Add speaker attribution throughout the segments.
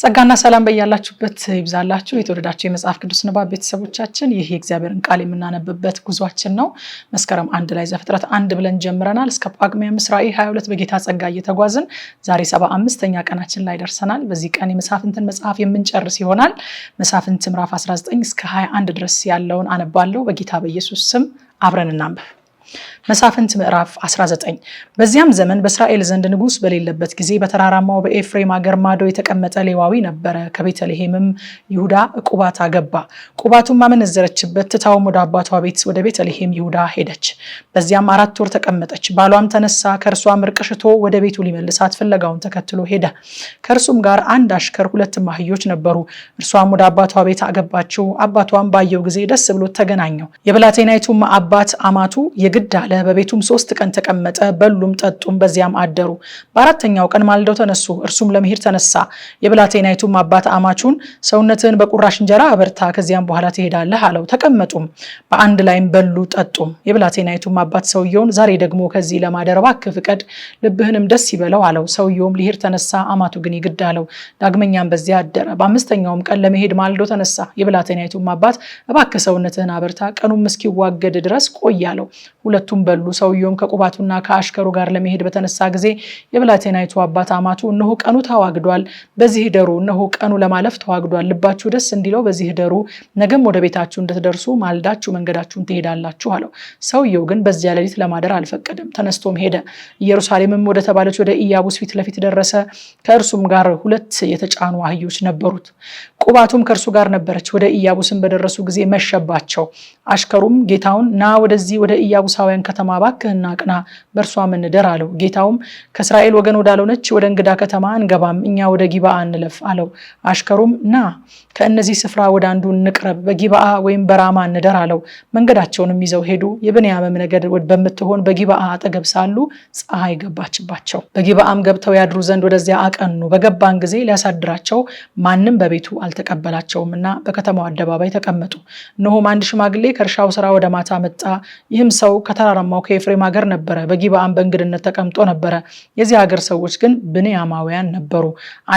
Speaker 1: ጸጋና ሰላም በያላችሁበት ይብዛላችሁ። የተወደዳችሁ የመጽሐፍ ቅዱስ ንባብ ቤተሰቦቻችን ይህ የእግዚአብሔርን ቃል የምናነብበት ጉዟችን ነው። መስከረም አንድ ላይ ዘፍጥረት አንድ ብለን ጀምረናል እስከ ጳጉሜ አምስት ራዕይ 22 በጌታ ጸጋ እየተጓዝን ዛሬ ሰባ አምስተኛ ቀናችን ላይ ደርሰናል። በዚህ ቀን የመሳፍንትን መጽሐፍ የምንጨርስ ይሆናል። መሳፍንት ምዕራፍ 19 እስከ 21 ድረስ ያለውን አነባለሁ። በጌታ በኢየሱስ ስም አብረን እናንብብ። መሳፍንት ምዕራፍ 19 በዚያም ዘመን በእስራኤል ዘንድ ንጉሥ በሌለበት ጊዜ በተራራማው በኤፍሬም አገር ማዶ የተቀመጠ ሌዋዊ ነበረ። ከቤተልሔምም ይሁዳ ቁባት አገባ። ቁባቱም አመነዘረችበት፣ ትታውም ወደ አባቷ ቤት ወደ ቤተልሔም ይሁዳ ሄደች። በዚያም አራት ወር ተቀመጠች። ባሏም ተነሳ፣ ከእርሷም እርቅ ሽቶ ወደ ቤቱ ሊመልሳት ፍለጋውን ተከትሎ ሄደ። ከእርሱም ጋር አንድ አሽከር፣ ሁለት አህዮች ነበሩ። እርሷም ወደ አባቷ ቤት አገባችው። አባቷም ባየው ጊዜ ደስ ብሎት ተገናኘው። የብላቴናይቱም አባት አማቱ የግድ አለ ወሰደ። በቤቱም ሶስት ቀን ተቀመጠ። በሉም ጠጡም፣ በዚያም አደሩ። በአራተኛው ቀን ማልደው ተነሱ። እርሱም ለመሄድ ተነሳ። የብላቴናይቱም አባት አማቹን ሰውነትህን በቁራሽ እንጀራ አበርታ፣ ከዚያም በኋላ ትሄዳለህ አለው። ተቀመጡም፣ በአንድ ላይም በሉ ጠጡም። የብላቴናይቱም አባት ሰውየውን ዛሬ ደግሞ ከዚህ ለማደር እባክህ ፍቀድ፣ ልብህንም ደስ ይበለው አለው። ሰውየውም ሊሄድ ተነሳ፣ አማቱ ግን ይግድ አለው። ዳግመኛም በዚያ አደረ። በአምስተኛውም ቀን ለመሄድ ማልዶ ተነሳ። የብላቴናይቱም አባት እባክህ ሰውነትህን አበርታ፣ ቀኑም እስኪዋገድ ድረስ ቆይ አለው። ሁለቱም በሉ። ሰውየውም ከቁባቱና ከአሽከሩ ጋር ለመሄድ በተነሳ ጊዜ የብላቴናይቱ አባት አማቱ እነሆ ቀኑ ተዋግዷል፣ በዚህ ደሩ፣ እነሆ ቀኑ ለማለፍ ተዋግዷል፣ ልባችሁ ደስ እንዲለው በዚህ ደሩ፣ ነገም ወደ ቤታችሁ እንድትደርሱ ማልዳችሁ መንገዳችሁን ትሄዳላችሁ አለው። ሰውየው ግን በዚያ ሌሊት ለማደር አልፈቀደም፣ ተነስቶም ሄደ። ኢየሩሳሌምም ወደ ተባለች ወደ ኢያቡስ ፊት ለፊት ደረሰ። ከእርሱም ጋር ሁለት የተጫኑ አህዮች ነበሩት። ቁባቱም ከእርሱ ጋር ነበረች። ወደ ኢያቡስን በደረሱ ጊዜ መሸባቸው። አሽከሩም ጌታውን ና ወደዚህ ወደ ኢያቡሳውያን ከተማ ባክህና ቅና፣ በእርሷ እንደር አለው። ጌታውም ከእስራኤል ወገን ወዳልሆነች ወደ እንግዳ ከተማ እንገባም እኛ ወደ ጊባአ እንለፍ አለው። አሽከሩም ና ከእነዚህ ስፍራ ወደ አንዱ እንቅረብ፣ በጊባአ ወይም በራማ እንደር አለው። መንገዳቸውንም ይዘው ሄዱ። የብንያምም ነገድ በምትሆን በጊባአ አጠገብ ሳሉ ፀሐይ ገባችባቸው። በጊባአም ገብተው ያድሩ ዘንድ ወደዚያ አቀኑ። በገባን ጊዜ ሊያሳድራቸው ማንም በቤቱ አል አልተቀበላቸውም እና በከተማው አደባባይ ተቀመጡ። እነሆም አንድ ሽማግሌ ከእርሻው ስራ ወደ ማታ መጣ። ይህም ሰው ከተራራማው ከኤፍሬም ሀገር ነበረ፣ በጊባአን በእንግድነት ተቀምጦ ነበረ። የዚህ ሀገር ሰዎች ግን ብንያማውያን ነበሩ።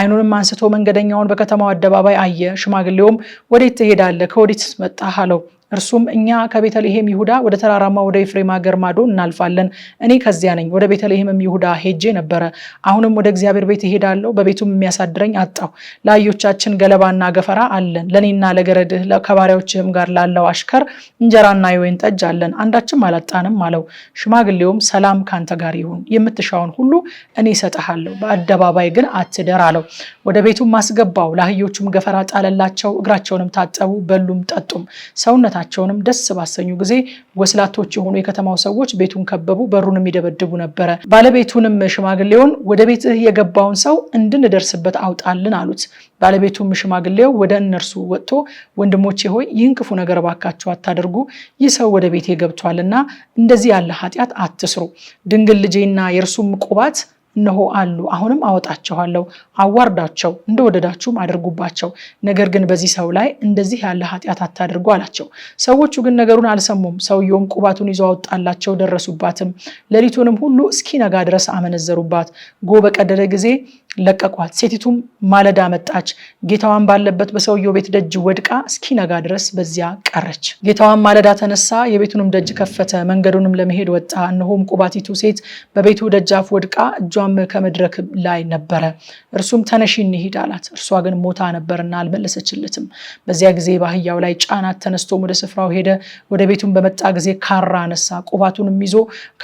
Speaker 1: አይኑንም አንስቶ መንገደኛውን በከተማው አደባባይ አየ። ሽማግሌውም ወዴት ትሄዳለህ? ከወዴት መጣህ? አለው። እርሱም እኛ ከቤተልሔም ይሁዳ ወደ ተራራማ ወደ ኤፍሬም ሀገር ማዶ እናልፋለን፣ እኔ ከዚያ ነኝ። ወደ ቤተልሔምም ይሁዳ ሄጄ ነበረ። አሁንም ወደ እግዚአብሔር ቤት እሄዳለሁ፣ በቤቱም የሚያሳድረኝ አጣሁ። ለአህዮቻችን ገለባና ገፈራ አለን፣ ለእኔና ለገረድህ ከባሪያዎችህም ጋር ላለው አሽከር እንጀራና የወይን ጠጅ አለን፣ አንዳችም አላጣንም አለው። ሽማግሌውም ሰላም ካንተ ጋር ይሁን፣ የምትሻውን ሁሉ እኔ እሰጥሃለሁ፣ በአደባባይ ግን አትደር አለው። ወደ ቤቱም አስገባው፣ ለአህዮቹም ገፈራ ጣለላቸው፣ እግራቸውንም ታጠቡ፣ በሉም ጠጡም ሰውነታ ቤታቸውንም ደስ ባሰኙ ጊዜ ወስላቶች የሆኑ የከተማው ሰዎች ቤቱን ከበቡ፣ በሩንም ይደበድቡ ነበረ። ባለቤቱንም ሽማግሌውን ወደ ቤትህ የገባውን ሰው እንድንደርስበት አውጣልን አሉት። ባለቤቱም ሽማግሌው ወደ እነርሱ ወጥቶ ወንድሞቼ ሆይ ይህን ክፉ ነገር ባካችሁ አታደርጉ፣ ይህ ሰው ወደ ቤቴ ገብቷልና እንደዚህ ያለ ኃጢአት አትስሩ። ድንግል ልጄና የእርሱም ቁባት እነሆ አሉ። አሁንም አወጣቸዋለሁ፣ አዋርዳቸው፣ እንደወደዳችሁም አድርጉባቸው፣ ነገር ግን በዚህ ሰው ላይ እንደዚህ ያለ ኃጢአት አታድርጉ አላቸው። ሰዎቹ ግን ነገሩን አልሰሙም። ሰውየውም ቁባቱን ይዞ አወጣላቸው፣ ደረሱባትም። ሌሊቱንም ሁሉ እስኪነጋ ድረስ አመነዘሩባት። ጎ በቀደደ ጊዜ ለቀቋት። ሴቲቱም ማለዳ መጣች፣ ጌታዋን ባለበት በሰውየው ቤት ደጅ ወድቃ እስኪነጋ ድረስ በዚያ ቀረች። ጌታዋን ማለዳ ተነሳ፣ የቤቱንም ደጅ ከፈተ፣ መንገዱንም ለመሄድ ወጣ። እነሆም ቁባቲቱ ሴት በቤቱ ደጃፍ ወድቃ እጇ ልጇም ከመድረክ ላይ ነበረ። እርሱም ተነሺ እንሂድ አላት። እርሷ ግን ሞታ ነበርና አልመለሰችለትም። በዚያ ጊዜ በአህያው ላይ ጫናት። ተነስቶም ወደ ስፍራው ሄደ። ወደ ቤቱን በመጣ ጊዜ ካራ አነሳ። ቁባቱንም ይዞ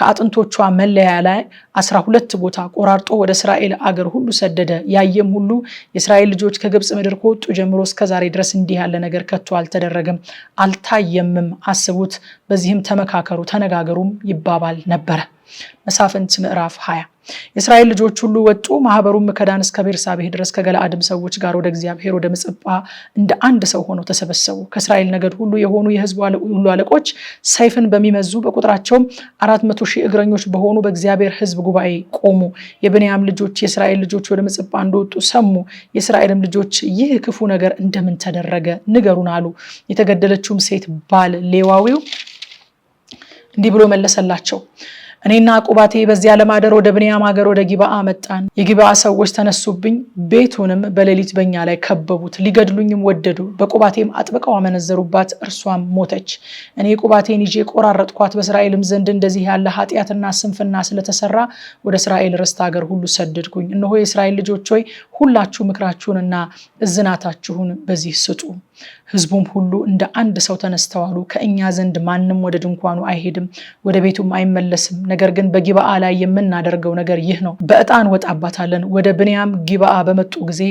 Speaker 1: ከአጥንቶቿ መለያ ላይ አስራ ሁለት ቦታ ቆራርጦ ወደ እስራኤል አገር ሁሉ ሰደደ። ያየም ሁሉ የእስራኤል ልጆች ከግብፅ ምድር ከወጡ ጀምሮ እስከዛሬ ድረስ እንዲህ ያለ ነገር ከቶ አልተደረገም፣ አልታየምም። አስቡት፣ በዚህም ተመካከሩ፣ ተነጋገሩም ይባባል ነበረ። መሳፍንት ምዕራፍ 20 የእስራኤል ልጆች ሁሉ ወጡ። ማህበሩም ከዳን እስከ ቤርሳቤህ ድረስ ከገለአድም ሰዎች ጋር ወደ እግዚአብሔር ወደ ምጽጳ እንደ አንድ ሰው ሆነው ተሰበሰቡ። ከእስራኤል ነገድ ሁሉ የሆኑ የህዝቡ ሁሉ አለቆች ሰይፍን በሚመዙ በቁጥራቸውም አራት መቶ ሺህ እግረኞች በሆኑ በእግዚአብሔር ህዝብ ጉባኤ ቆሙ። የብንያም ልጆች የእስራኤል ልጆች ወደ ምጽጳ እንደወጡ ሰሙ። የእስራኤልም ልጆች ይህ ክፉ ነገር እንደምን ተደረገ ንገሩን አሉ። የተገደለችውም ሴት ባል ሌዋዊው እንዲህ ብሎ መለሰላቸው እኔና ቁባቴ በዚያ ለማደር ወደ ብንያም ሀገር ወደ ጊብአ መጣን። የጊብአ ሰዎች ተነሱብኝ፣ ቤቱንም በሌሊት በኛ ላይ ከበቡት፣ ሊገድሉኝም ወደዱ። በቁባቴም አጥብቀው አመነዘሩባት፣ እርሷም ሞተች። እኔ ቁባቴን ይዤ ቆራረጥኳት። በእስራኤልም ዘንድ እንደዚህ ያለ ኃጢአትና ስንፍና ስለተሰራ ወደ እስራኤል ርስት ሀገር ሁሉ ሰደድኩኝ። እነሆ የእስራኤል ልጆች ሆይ ሁላችሁ ምክራችሁንና እዝናታችሁን በዚህ ስጡ። ህዝቡም ሁሉ እንደ አንድ ሰው ተነስተዋሉ። ከእኛ ዘንድ ማንም ወደ ድንኳኑ አይሄድም፣ ወደ ቤቱም አይመለስም። ነገር ግን በጊባአ ላይ የምናደርገው ነገር ይህ ነው፣ በዕጣ እንወጣባታለን። ወደ ብንያም ጊባአ በመጡ ጊዜ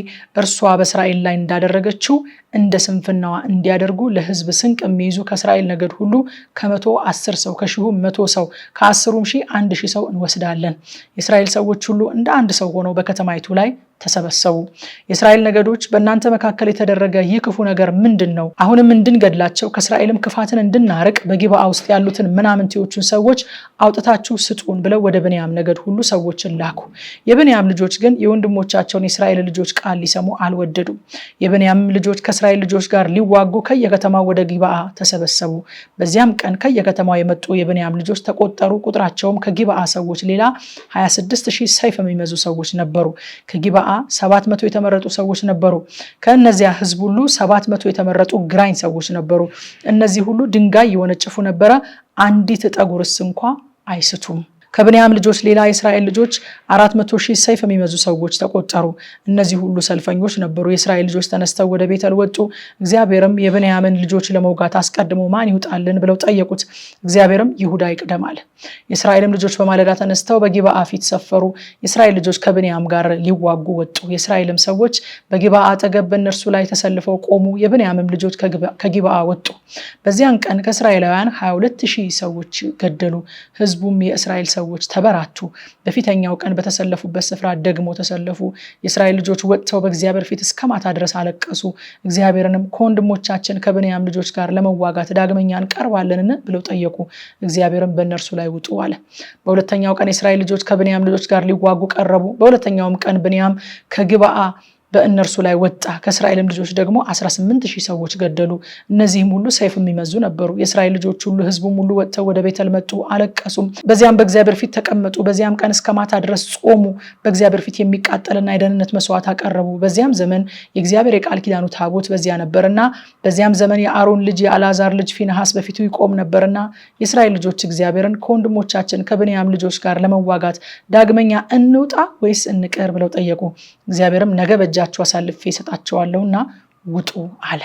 Speaker 1: እርሷ በእስራኤል ላይ እንዳደረገችው እንደ ስንፍናዋ እንዲያደርጉ ለህዝብ ስንቅ የሚይዙ ከእስራኤል ነገድ ሁሉ ከመቶ አስር ሰው ከሺሁም መቶ ሰው ከአስሩም ሺህ አንድ ሺህ ሰው እንወስዳለን። የእስራኤል ሰዎች ሁሉ እንደ አንድ ሰው ሆነው በከተማይቱ ላይ ተሰበሰቡ። የእስራኤል ነገዶች በእናንተ መካከል የተደረገ ይህ ክፉ ነገር ምንድን ነው? አሁንም እንድንገድላቸው ከእስራኤልም ክፋትን እንድናርቅ በጊባአ ውስጥ ያሉትን ምናምንቴዎቹን ሰዎች አውጥታችሁ ስጡን ብለው ወደ ብንያም ነገድ ሁሉ ሰዎችን ላኩ። የብንያም ልጆች ግን የወንድሞቻቸውን የእስራኤል ልጆች ቃል ሊሰሙ አልወደዱም። የብንያም ልጆች ከእስራኤል ልጆች ጋር ሊዋጉ ከየከተማው ወደ ጊባአ ተሰበሰቡ። በዚያም ቀን ከየከተማው የመጡ የብንያም ልጆች ተቆጠሩ። ቁጥራቸውም ከጊባአ ሰዎች ሌላ 26 ሺህ ሰይፍ የሚመዙ ሰዎች ነበሩ። ከጊብዓ ሸዓዓ ሰባት መቶ የተመረጡ ሰዎች ነበሩ። ከእነዚያ ህዝብ ሁሉ ሰባት መቶ የተመረጡ ግራኝ ሰዎች ነበሩ። እነዚህ ሁሉ ድንጋይ ይወነጭፉ ነበረ፣ አንዲት ጠጉርስ እንኳ አይስቱም። ከብንያም ልጆች ሌላ የእስራኤል ልጆች አራት መቶ ሺህ ሰይፍ የሚመዙ ሰዎች ተቆጠሩ። እነዚህ ሁሉ ሰልፈኞች ነበሩ። የእስራኤል ልጆች ተነስተው ወደ ቤተል ወጡ። እግዚአብሔርም የብንያምን ልጆች ለመውጋት አስቀድሞ ማን ይውጣልን ብለው ጠየቁት። እግዚአብሔርም ይሁዳ ይቅደማል። የእስራኤልም ልጆች በማለዳ ተነስተው በጊባአ ፊት ሰፈሩ። የእስራኤል ልጆች ከብንያም ጋር ሊዋጉ ወጡ። የእስራኤልም ሰዎች በጊባአ አጠገብ በእነርሱ ላይ ተሰልፈው ቆሙ። የብንያምም ልጆች ከጊባአ ወጡ። በዚያን ቀን ከእስራኤላውያን 22 ሺህ ሰዎች ገደሉ። ህዝቡም የእስራኤል ሰዎች ሰዎች ተበራቱ፣ በፊተኛው ቀን በተሰለፉበት ስፍራ ደግሞ ተሰለፉ። የእስራኤል ልጆች ወጥተው በእግዚአብሔር ፊት እስከ ማታ ድረስ አለቀሱ። እግዚአብሔርንም ከወንድሞቻችን ከብንያም ልጆች ጋር ለመዋጋት ዳግመኛ እንቀርባለንን ብለው ጠየቁ። እግዚአብሔርም በእነርሱ ላይ ውጡ አለ። በሁለተኛው ቀን የእስራኤል ልጆች ከብንያም ልጆች ጋር ሊዋጉ ቀረቡ። በሁለተኛውም ቀን ብንያም ከግብአ በእነርሱ ላይ ወጣ። ከእስራኤልም ልጆች ደግሞ አስራ ሺህ ሰዎች ገደሉ። እነዚህም ሁሉ ሰይፍ የሚመዙ ነበሩ። የእስራኤል ልጆች ሁሉ ህዝቡም ሁሉ ወጥተው ወደ ቤተል መጡ፣ አለቀሱም። በዚያም በእግዚአብሔር ፊት ተቀመጡ። በዚያም ቀን እስከ ማታ ድረስ ጾሙ። በእግዚአብሔር ፊት የሚቃጠልና የደህንነት መስዋዕት አቀረቡ። በዚያም ዘመን የእግዚአብሔር የቃል ኪዳኑ ታቦት በዚያ ነበርና፣ በዚያም ዘመን የአሮን ልጅ የአልዓዛር ልጅ ፊንሐስ በፊቱ ይቆም ነበርና የእስራኤል ልጆች እግዚአብሔርን ከወንድሞቻችን ከብንያም ልጆች ጋር ለመዋጋት ዳግመኛ እንውጣ ወይስ እንቅር ብለው ጠየቁ። እግዚአብሔርም ነገ በጃ በእጃችሁ አሳልፌ እሰጣቸዋለሁና ውጡ አለ።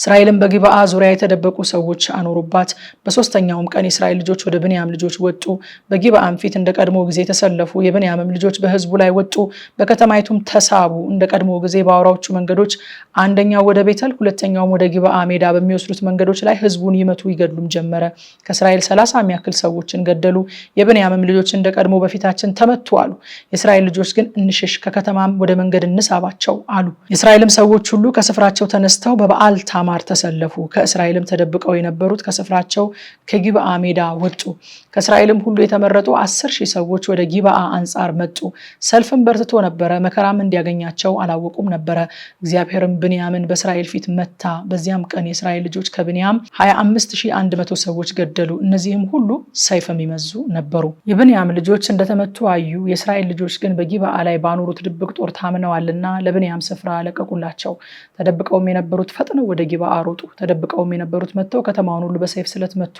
Speaker 1: እስራኤልን በጊብዓ ዙሪያ የተደበቁ ሰዎች አኖሩባት። በሶስተኛውም ቀን የእስራኤል ልጆች ወደ ብንያም ልጆች ወጡ። በጊብዓም ፊት እንደ ቀድሞ ጊዜ ተሰለፉ። የብንያምም ልጆች በህዝቡ ላይ ወጡ፣ በከተማይቱም ተሳቡ። እንደ ቀድሞ ጊዜ በአውራዎቹ መንገዶች አንደኛው ወደ ቤተል፣ ሁለተኛውም ወደ ጊብዓ ሜዳ በሚወስዱት መንገዶች ላይ ህዝቡን ይመቱ ይገድሉም ጀመረ። ከእስራኤል ሰላሳ የሚያክል ሰዎችን ገደሉ። የብንያምም ልጆች እንደ ቀድሞ በፊታችን ተመቱ አሉ። የእስራኤል ልጆች ግን እንሽሽ፣ ከከተማም ወደ መንገድ እንሳባቸው አሉ። የእስራኤልም ሰዎች ሁሉ ከስፍራቸው ተነስተው በበዓል ታማር ተሰለፉ። ከእስራኤልም ተደብቀው የነበሩት ከስፍራቸው ከጊብአ ሜዳ ወጡ። ከእስራኤልም ሁሉ የተመረጡ አስር ሺህ ሰዎች ወደ ጊብአ አንጻር መጡ። ሰልፍም በርትቶ ነበረ። መከራም እንዲያገኛቸው አላወቁም ነበረ። እግዚአብሔርም ብንያምን በእስራኤል ፊት መታ። በዚያም ቀን የእስራኤል ልጆች ከብንያም 25100 ሰዎች ገደሉ። እነዚህም ሁሉ ሰይፍ የሚመዙ ነበሩ። የብንያም ልጆች እንደተመቱ አዩ። የእስራኤል ልጆች ግን በጊብአ ላይ ባኖሩት ድብቅ ጦር ታምነዋልና ለብንያም ስፍራ ለቀቁላቸው። ተደብቀውም የነበሩት ፈጥነው ነው ወደ ጊባ አሮጡ። ተደብቀውም የነበሩት መጥተው ከተማውን ሁሉ በሰይፍ ስለት መቱ።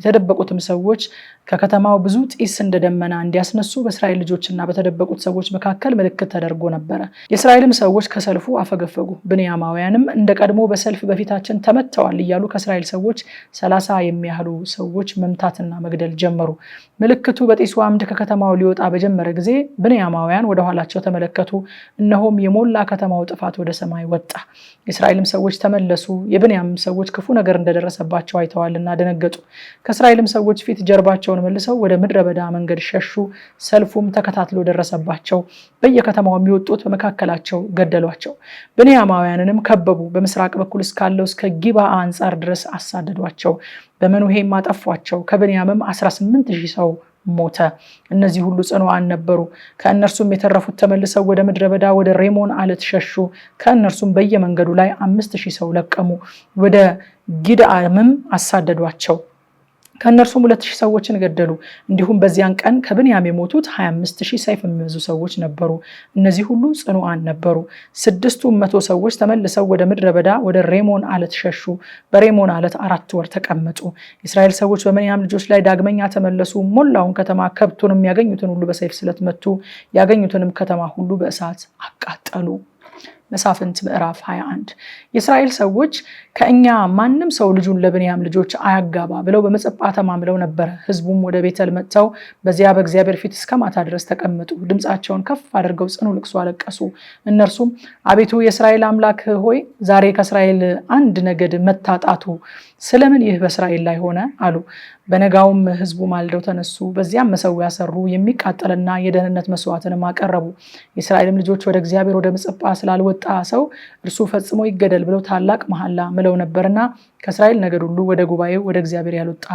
Speaker 1: የተደበቁትም ሰዎች ከከተማው ብዙ ጢስ እንደ ደመና እንዲያስነሱ በእስራኤል ልጆችና በተደበቁት ሰዎች መካከል ምልክት ተደርጎ ነበረ። የእስራኤልም ሰዎች ከሰልፉ አፈገፈጉ። ብንያማውያንም እንደ ቀድሞ በሰልፍ በፊታችን ተመተዋል እያሉ ከእስራኤል ሰዎች ሰላሳ የሚያህሉ ሰዎች መምታትና መግደል ጀመሩ። ምልክቱ በጢሱ አምድ ከከተማው ሊወጣ በጀመረ ጊዜ ብንያማውያን ወደኋላቸው ተመለከቱ። እነሆም የሞላ ከተማው ጥፋት ወደ ሰማይ ወጣ። የእስራኤልም ሰዎች ተመ ተመለሱ። የብንያም ሰዎች ክፉ ነገር እንደደረሰባቸው አይተዋልና ደነገጡ። ከእስራኤልም ሰዎች ፊት ጀርባቸውን መልሰው ወደ ምድረ በዳ መንገድ ሸሹ። ሰልፉም ተከታትሎ ደረሰባቸው። በየከተማው የሚወጡት በመካከላቸው ገደሏቸው። ብንያማውያንንም ከበቡ። በምስራቅ በኩል እስካለው እስከ ጊባ አንጻር ድረስ አሳደዷቸው። በመኑሄም አጠፏቸው። ከብንያምም 18 ሺህ ሰው ሞተ። እነዚህ ሁሉ ጽኑዓን ነበሩ። ከእነርሱም የተረፉት ተመልሰው ወደ ምድረ በዳ ወደ ሬሞን አለት ሸሹ። ከእነርሱም በየመንገዱ ላይ አምስት ሺህ ሰው ለቀሙ። ወደ ጊድአምም አሳደዷቸው። ከእነርሱም ሁለት ሺህ ሰዎችን ገደሉ። እንዲሁም በዚያን ቀን ከብንያም የሞቱት ሀያ አምስት ሺህ ሰይፍ የሚመዙ ሰዎች ነበሩ። እነዚህ ሁሉ ጽኑዓን ነበሩ። ስድስቱ መቶ ሰዎች ተመልሰው ወደ ምድረ በዳ ወደ ሬሞን አለት ሸሹ። በሬሞን አለት አራት ወር ተቀመጡ። የእስራኤል ሰዎች በብንያም ልጆች ላይ ዳግመኛ ተመለሱ። ሞላውን ከተማ ከብቱንም ያገኙትን ሁሉ በሰይፍ ስለት መቱ። ያገኙትንም ከተማ ሁሉ በእሳት አቃጠሉ። መሳፍንት ምዕራፍ 21 የእስራኤል ሰዎች ከእኛ ማንም ሰው ልጁን ለብንያም ልጆች አያጋባ ብለው በመጸጳ ተማምለው ነበረ። ህዝቡም ወደ ቤተል መጥተው በዚያ በእግዚአብሔር ፊት እስከ ማታ ድረስ ተቀመጡ። ድምፃቸውን ከፍ አድርገው ጽኑ ልቅሶ አለቀሱ። እነርሱም አቤቱ የእስራኤል አምላክ ሆይ ዛሬ ከእስራኤል አንድ ነገድ መታጣቱ ስለምን ይህ በእስራኤል ላይ ሆነ አሉ። በነጋውም ህዝቡ ማልደው ተነሱ፣ በዚያም መሰዊያ ሰሩ፣ የሚቃጠልና የደህንነት መስዋዕትንም አቀረቡ። የእስራኤልም ልጆች ወደ እግዚአብሔር ወደ ምጽጳ ስላልወጣ ሰው እርሱ ፈጽሞ ይገደል ብለው ታላቅ መሐላ ምለው ነበርና ከእስራኤል ነገድ ሁሉ ወደ ጉባኤው ወደ እግዚአብሔር ያልወጣ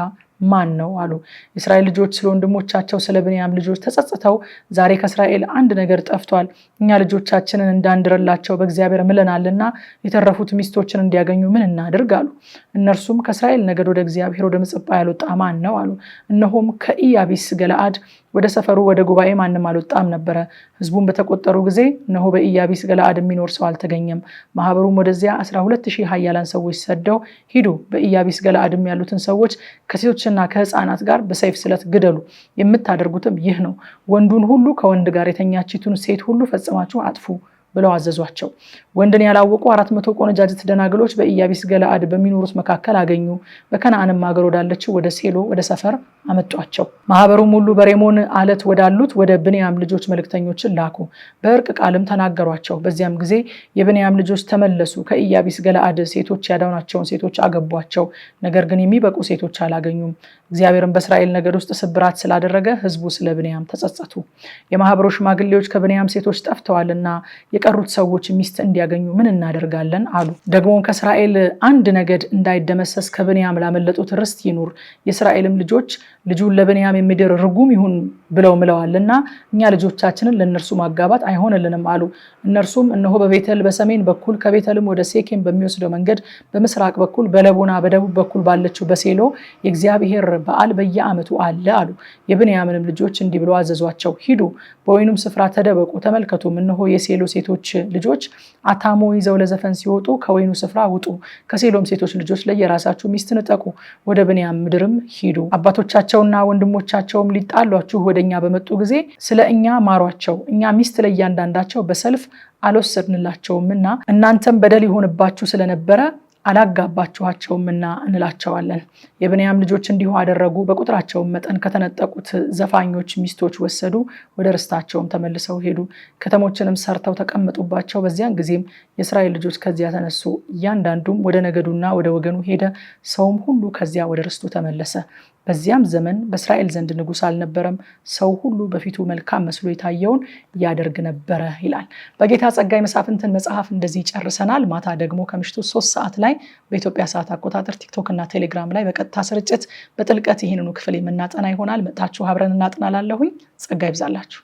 Speaker 1: ማን ነው አሉ። የእስራኤል ልጆች ስለ ወንድሞቻቸው ስለ ብንያም ልጆች ተጸጽተው ዛሬ ከእስራኤል አንድ ነገር ጠፍቷል፣ እኛ ልጆቻችንን እንዳንድረላቸው በእግዚአብሔር ምለናልና የተረፉት ሚስቶችን እንዲያገኙ ምን እናድርግ አሉ። እነርሱም ከእስራኤል ነገድ ወደ እግዚአብሔር ወደ ምጽጳ ያልወጣ ማን ነው አሉ። እነሆም ከኢያቢስ ገለአድ ወደ ሰፈሩ ወደ ጉባኤ ማንም አልወጣም ነበረ። ህዝቡን በተቆጠሩ ጊዜ እነሆ በኢያቢስ ገለአድ የሚኖር ሰው አልተገኘም። ማህበሩም ወደዚያ አስራ ሀያላን ሰዎች ሰደው ሂዱ፣ በኢያቢስ ገለአድም ያሉትን ሰዎች ከሴቶችና ከህፃናት ጋር በሰይፍ ስለት ግደሉ። የምታደርጉትም ይህ ነው፣ ወንዱን ሁሉ ከወንድ ጋር የተኛችቱን ሴት ሁሉ ፈጽማችሁ አጥፉ። ብለው አዘዟቸው። ወንድን ያላወቁ አራት መቶ ቆነጃጅት ደናግሎች በኢያቢስ ገለአድ በሚኖሩት መካከል አገኙ። በከነአንም ሀገር ወዳለችው ወደ ሴሎ ወደ ሰፈር አመጧቸው። ማህበሩም ሁሉ በሬሞን አለት ወዳሉት ወደ ብንያም ልጆች መልክተኞችን ላኩ። በእርቅ ቃልም ተናገሯቸው። በዚያም ጊዜ የብንያም ልጆች ተመለሱ። ከኢያቢስ ገለአድ ሴቶች ያዳኗቸውን ሴቶች አገቧቸው። ነገር ግን የሚበቁ ሴቶች አላገኙም። እግዚአብሔርም በእስራኤል ነገድ ውስጥ ስብራት ስላደረገ ህዝቡ ስለ ብንያም ተጸጸቱ። የማህበሩ ሽማግሌዎች ከብንያም ሴቶች ጠፍተዋልና የቀሩት ሰዎች ሚስት እንዲያገኙ ምን እናደርጋለን አሉ። ደግሞ ከእስራኤል አንድ ነገድ እንዳይደመሰስ ከብንያም ላመለጡት ርስት ይኑር፣ የእስራኤልም ልጆች ልጁን ለብንያም የሚድር ርጉም ይሁን ብለው ምለዋል እና እኛ ልጆቻችንን ለእነርሱ ማጋባት አይሆንልንም አሉ። እነርሱም እነሆ በቤተል በሰሜን በኩል ከቤተልም ወደ ሴኬም በሚወስደው መንገድ በምስራቅ በኩል በለቡና በደቡብ በኩል ባለችው በሴሎ የእግዚአብሔር በዓል በየዓመቱ አለ አሉ። የብንያምንም ልጆች እንዲህ ብሎ አዘዟቸው፣ ሂዱ፣ በወይኑም ስፍራ ተደበቁ፣ ተመልከቱም እነሆ የሴሎ ሴቶ ሴቶች ልጆች አታሞ ይዘው ለዘፈን ሲወጡ ከወይኑ ስፍራ ውጡ፣ ከሴሎም ሴቶች ልጆች ላይ የራሳችሁ ሚስት ንጠቁ፣ ወደ ብንያም ምድርም ሂዱ። አባቶቻቸውና ወንድሞቻቸውም ሊጣሏችሁ ወደ እኛ በመጡ ጊዜ ስለ እኛ ማሯቸው፣ እኛ ሚስት ለእያንዳንዳቸው በሰልፍ አልወሰድንላቸውምና እናንተም በደል ይሆንባችሁ ስለነበረ አላጋባችኋቸውምና እንላቸዋለን። የብንያም ልጆች እንዲሁ አደረጉ፣ በቁጥራቸውም መጠን ከተነጠቁት ዘፋኞች ሚስቶች ወሰዱ፣ ወደ ርስታቸውም ተመልሰው ሄዱ። ከተሞችንም ሰርተው ተቀመጡባቸው። በዚያን ጊዜም የእስራኤል ልጆች ከዚያ ተነሱ፣ እያንዳንዱም ወደ ነገዱና ወደ ወገኑ ሄደ። ሰውም ሁሉ ከዚያ ወደ ርስቱ ተመለሰ። በዚያም ዘመን በእስራኤል ዘንድ ንጉሥ አልነበረም፣ ሰው ሁሉ በፊቱ መልካም መስሎ የታየውን ያደርግ ነበረ ይላል። በጌታ ጸጋይ መሳፍንትን መጽሐፍ እንደዚህ ጨርሰናል። ማታ ደግሞ ከምሽቱ ሶስት ሰዓት ላይ በኢትዮጵያ ሰዓት አቆጣጠር ቲክቶክ እና ቴሌግራም ላይ በቀጥታ ስርጭት በጥልቀት ይህንኑ ክፍል የምናጠና ይሆናል። መጥታችሁ አብረን እናጥናላለሁኝ። ጸጋ ይብዛላችሁ።